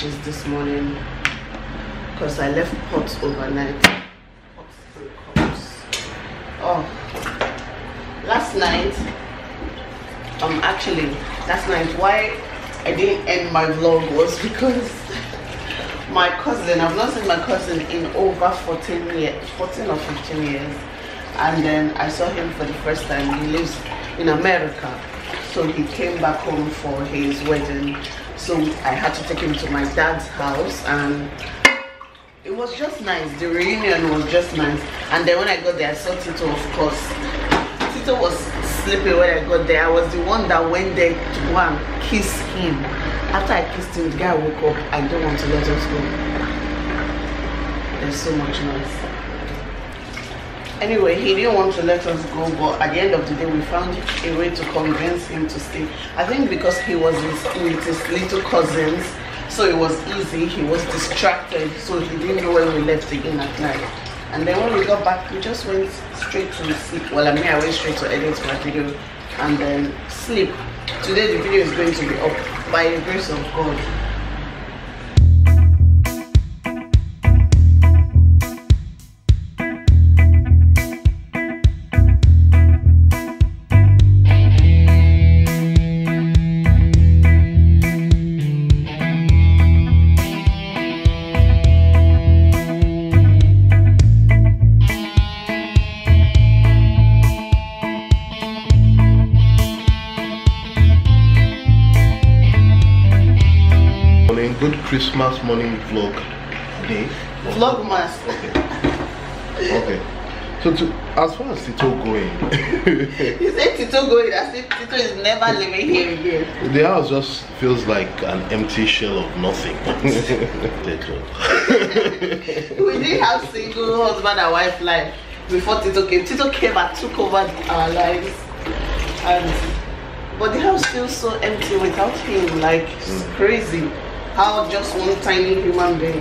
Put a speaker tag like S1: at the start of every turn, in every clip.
S1: dishes this morning because I left pots overnight. Pots cups. Oh, last night, um, actually, last night, why I didn't end my vlog was because my cousin, I've not seen my cousin in over 14 years, 14 or 15 years. And then I saw him for the first time. He lives in America. So he came back home for his wedding so I had to take him to my dad's house and it was just nice. The reunion was just nice. And then when I got there, I saw Tito, of course. Tito was sleeping when I got there. I was the one that went there to go and kiss him. After I kissed him, the guy woke up. I don't want to let us go. There's so much noise. Anyway, he didn't want to let us go, but at the end of the day, we found a way to convince him to stay. I think because he was with his little cousins, so it was easy. He was distracted, so he didn't know when we left again at night. And then when we got back, we just went straight to sleep. Well, I mean, I went straight to edit my video and then sleep. Today, the video is going to be up by the grace of God. good Christmas morning vlog day. Vlogmas. Okay. Okay. So to, as far as Tito going, you said Tito going. As if Tito is never living here again. The house just feels like an empty shell of nothing. we did have single husband and wife life before Tito came. Tito came and took over our lives, and but the house feels so empty without him. Like mm. crazy how just one tiny human being.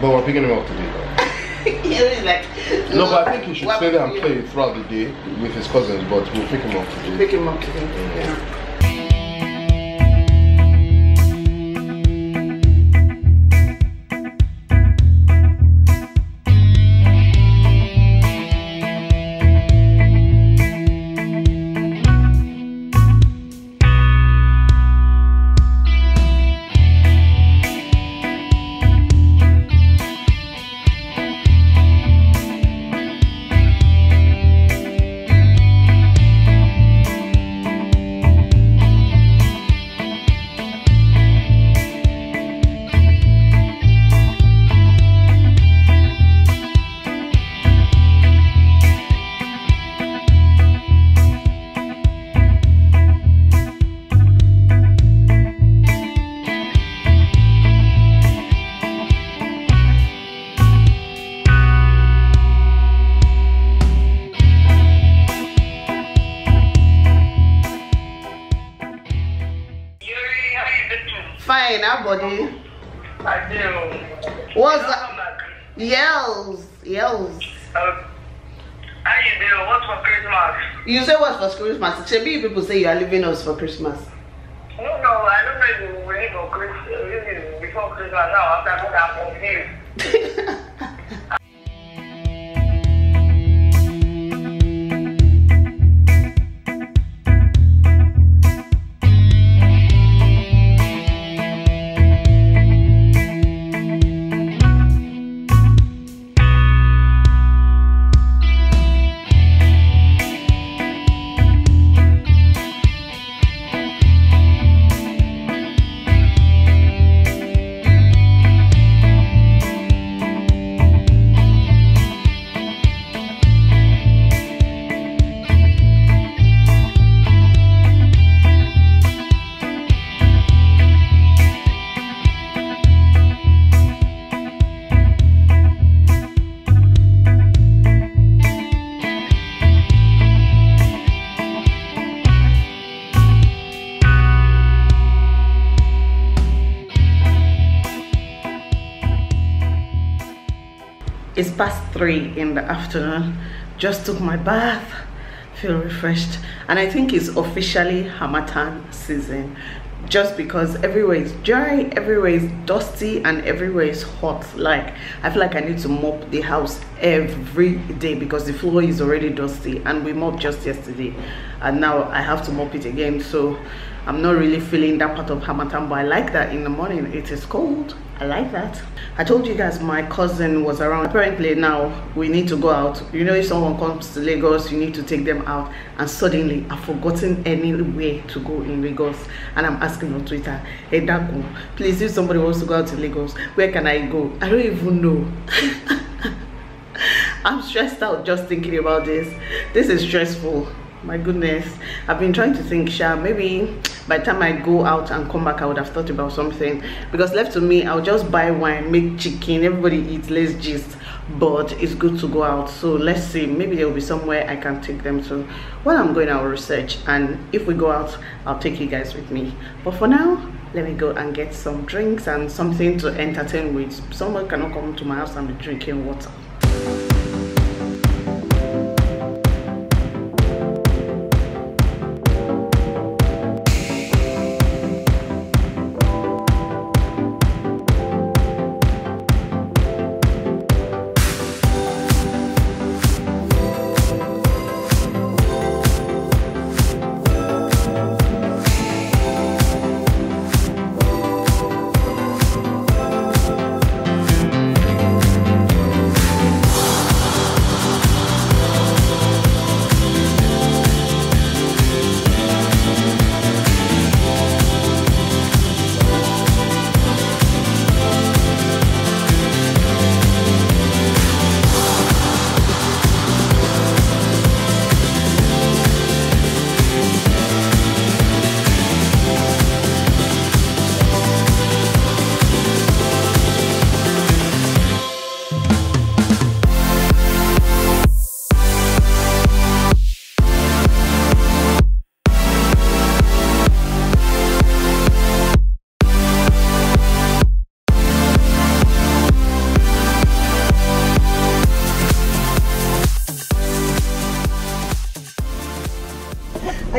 S1: But we're picking him up today, though. like, no, no, but I think he should stay there and play throughout the day with his cousins, but we'll pick him up today. Pick him up today, yeah. yeah. Yells. Yells. Uh, how you doing? What's for Christmas? You say what's for Christmas? Maybe people say you are leaving us for Christmas. No, no, I don't know if you will leave for Christmas, before Christmas now, after what happened here. 3 in the afternoon just took my bath feel refreshed and i think it's officially hamatan season just because everywhere is dry everywhere is dusty and everywhere is hot like i feel like i need to mop the house every day because the floor is already dusty and we mopped just yesterday and now i have to mop it again so I'm not really feeling that part of Hamatan, but I like that in the morning. It is cold. I like that. I told you guys my cousin was around. Apparently now we need to go out. You know, if someone comes to Lagos, you need to take them out. And suddenly I've forgotten any way to go in Lagos. And I'm asking on Twitter, hey Dago, please if somebody wants to go out to Lagos, where can I go? I don't even know. I'm stressed out just thinking about this. This is stressful my goodness i've been trying to think sha maybe by the time i go out and come back i would have thought about something because left to me i'll just buy wine make chicken everybody eats let's gist but it's good to go out so let's see maybe there will be somewhere i can take them to while i'm going out research and if we go out i'll take you guys with me but for now let me go and get some drinks and something to entertain with someone cannot come to my house and be drinking water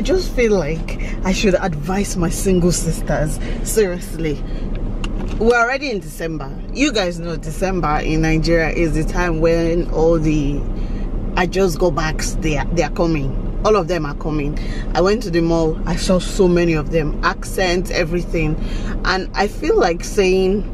S1: just feel like I should advise my single sisters seriously we're already in December you guys know December in Nigeria is the time when all the I just go back they are, they are coming all of them are coming I went to the mall I saw so many of them accents everything and I feel like saying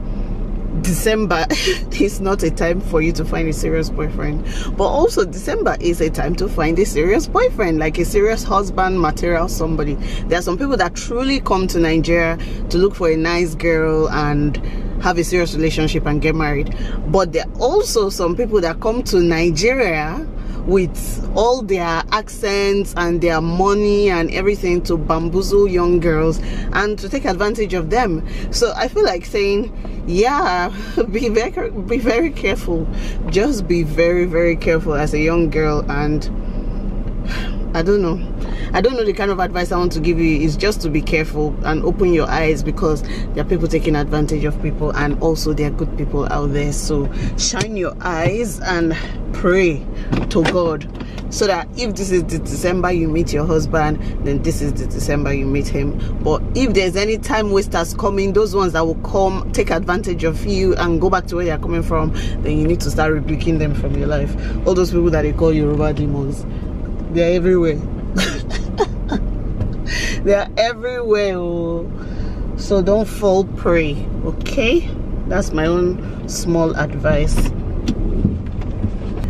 S1: December is not a time for you to find a serious boyfriend, but also December is a time to find a serious boyfriend, like a serious husband material somebody. There are some people that truly come to Nigeria to look for a nice girl and have a serious relationship and get married, but there are also some people that come to Nigeria with all their accents and their money and everything to bamboozle young girls and to take advantage of them. So I feel like saying, yeah, be very, be very careful. Just be very, very careful as a young girl and I don't know. I don't know the kind of advice I want to give you is just to be careful and open your eyes because there are people taking advantage of people and also there are good people out there. So shine your eyes and pray to God so that if this is the December you meet your husband, then this is the December you meet him. But if there's any time wasters coming, those ones that will come take advantage of you and go back to where they're coming from, then you need to start rebuking them from your life. All those people that they call Yoruba demons they're everywhere. they are everywhere. Oh. So don't fall prey, okay? That's my own small advice.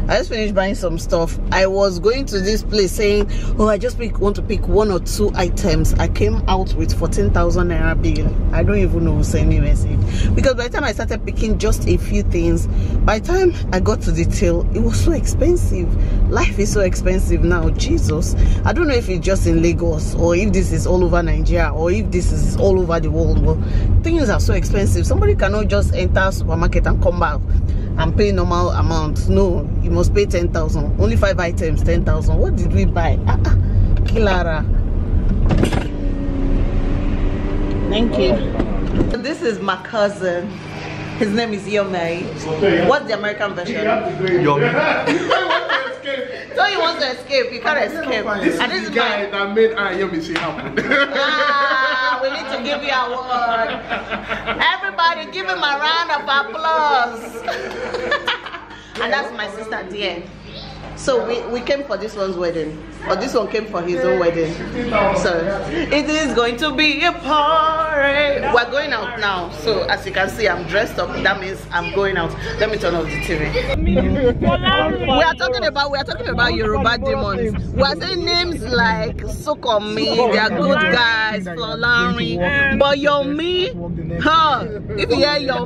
S1: I just finished buying some stuff. I was going to this place saying, oh, I just pick, want to pick one or two items. I came out with 14,000 Naira bill. I don't even know who sent me message. Because by the time I started picking just a few things, by the time I got to the till, it was so expensive. Life is so expensive now, Jesus. I don't know if it's just in Lagos or if this is all over Nigeria or if this is all over the world. Well, things are so expensive. Somebody cannot just enter supermarket and come back I'm pay normal amount no you must pay 10,000 only five items 10,000 what did we buy ah, ah. Kilara thank you this is my cousin his name is Yomei what's the American version? Yomei So he wants to escape, You can't escape. This and is this the guy, that made Ayomi see happen. Ah we need to give you a word. Everybody, give him a round of applause. and that's my sister, Diane. So we, we came for this one's wedding. Or oh, this one came for his own wedding. So it is going to be a party. We're going out now. So as you can see, I'm dressed up. That means I'm going out. Let me turn off the TV. we are talking about we are talking about Yoruba demons. We are saying names like Sokomi, they are good guys, Flolari. But me, huh? If you hear your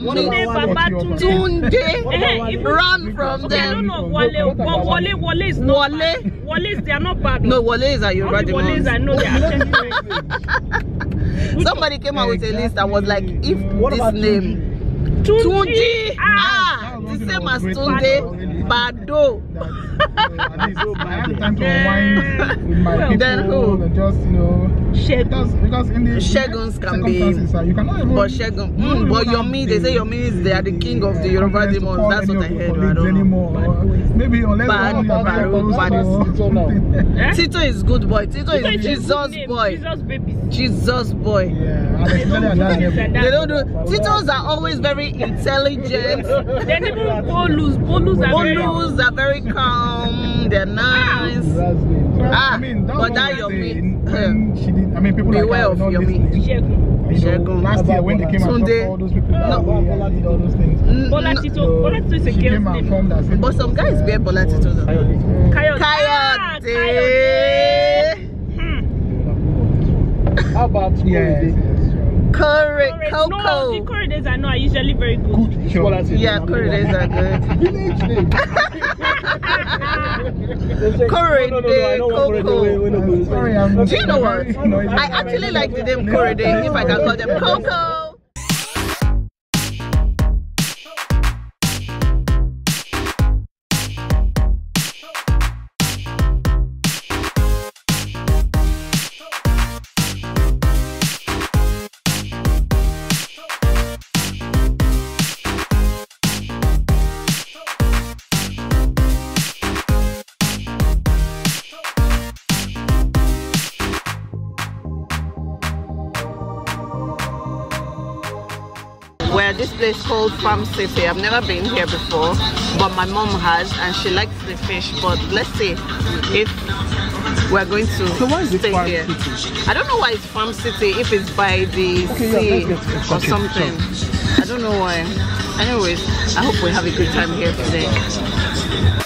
S1: Tunde, run from them. Wale, Wale, Wale is not. Wale, Wale they are not pardon. No, Waleza, you read the Waleza, no, they are changing Somebody came out with a list that was like, if what this name... Tunji! Tunji. Ah! ah the same as Tunde, Bado. Oh, I have then who? just, you know. Shegun. Sheguns can be. but Shegun. Mm, but Yomi, they say Yomi is they are the king of the Yoruba demons. That's what I heard. I don't know. Maybe unless Tito is good boy. Tito, is, Jesus boy. Jesus baby. Jesus boy. they don't do. Titos are always very intelligent. Bolus, Bolus are very Bolus are very calm. They're nice. So, ah, I mean, that but that your meat. Hmm. I mean, people beware like of your meat. You know, last year when they came Sunday, and all those people, no. Bola did all those things. Bola Tito, is a girl's name. But some guys bear bolatito Tito. Coyote. Ah, hmm. How about school? Correct, Coco. No, the curry days are usually very good. Good, Yeah, curry days are good. Village name. Curry day, Coco. Do you know what? I actually like the name Curry if I can call them Coco. this place called Farm City. I've never been here before, but my mom has, and she likes the fish. But let's see if we're going to so why is it farm here. City? I don't know why it's Farm City. If it's by the okay, sea yeah, or okay, something, sure. I don't know why. Anyways, I hope we have a good time here today.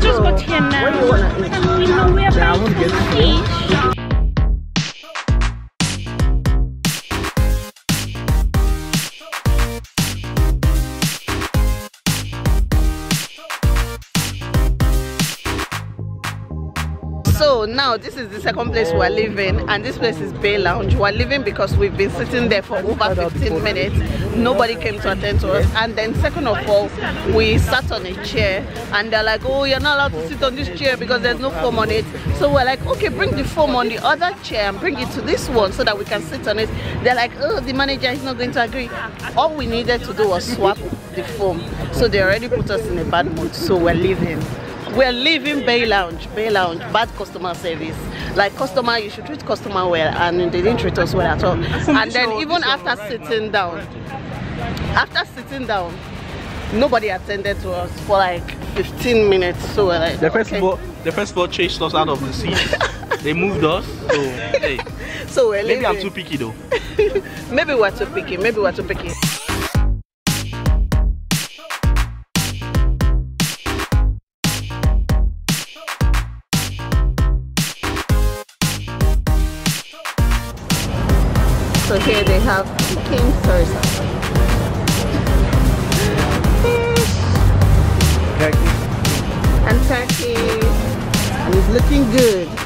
S1: just got here now know we're about to so now this is the second place we're leaving and this place is bay lounge we're leaving because we've been sitting there for over 15 minutes nobody came to attend to us and then second of all we sat on a chair and they're like oh you're not allowed to sit on this chair because there's no foam on it so we're like okay bring the foam on the other chair and bring it to this one so that we can sit on it they're like oh the manager is not going to agree all we needed to do was swap the foam so they already put us in a bad mood so we're leaving we're leaving Bay Lounge, Bay Lounge, bad customer service. Like customer, you should treat customer well and they didn't treat us well at all. And then even after sitting down, after sitting down, nobody attended to us for like 15 minutes so we're like the first okay. ball the first ball chased us out of the seat they moved us so hey so we're maybe leaving. i'm too picky though maybe we're too picky maybe we're too picky Okay, they have king first. Turkey. And turkey. And it's looking good.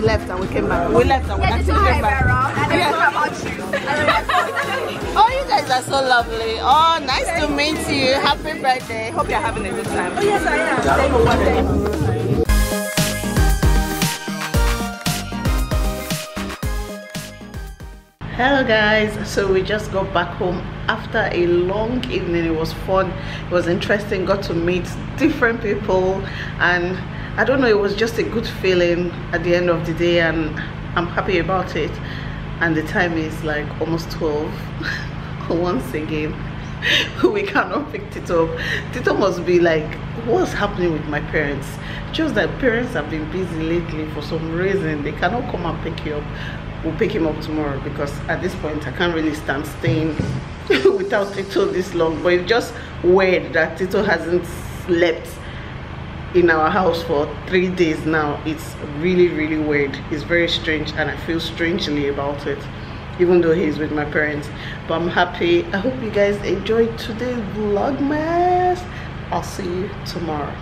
S1: we left and we came back. We left and we yeah, actually came back. yeah. about you. oh, you guys are so lovely. Oh, nice to meet you. Happy birthday. Hope you're having a good time. Oh, yes, I am. Thank you. Thank hello guys so we just got back home after a long evening it was fun it was interesting got to meet different people and I don't know it was just a good feeling at the end of the day and I'm happy about it and the time is like almost 12 once again we cannot pick Tito. up Tito must be like what's happening with my parents just that parents have been busy lately for some reason they cannot come and pick you up we'll pick him up tomorrow because at this point I can't really stand staying without Tito this long but it's just weird that Tito hasn't slept in our house for three days now it's really really weird it's very strange and i feel strangely about it even though he's with my parents but i'm happy i hope you guys enjoyed today's vlogmas i'll see you tomorrow